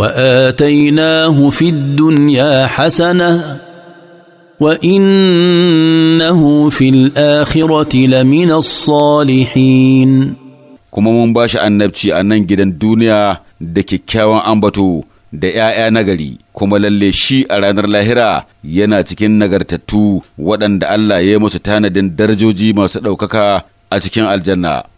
واتيناه في الدنيا حسنه وانه في الاخره لمن الصالحين kuma mun ba shi annabci a nan gidan duniya da kyakkyawan ambato da ‘ya'ya nagari, kuma lalle shi a ranar lahira yana cikin nagartattu waɗanda Allah ya yi musu tanadin darajoji masu ɗaukaka a cikin aljanna.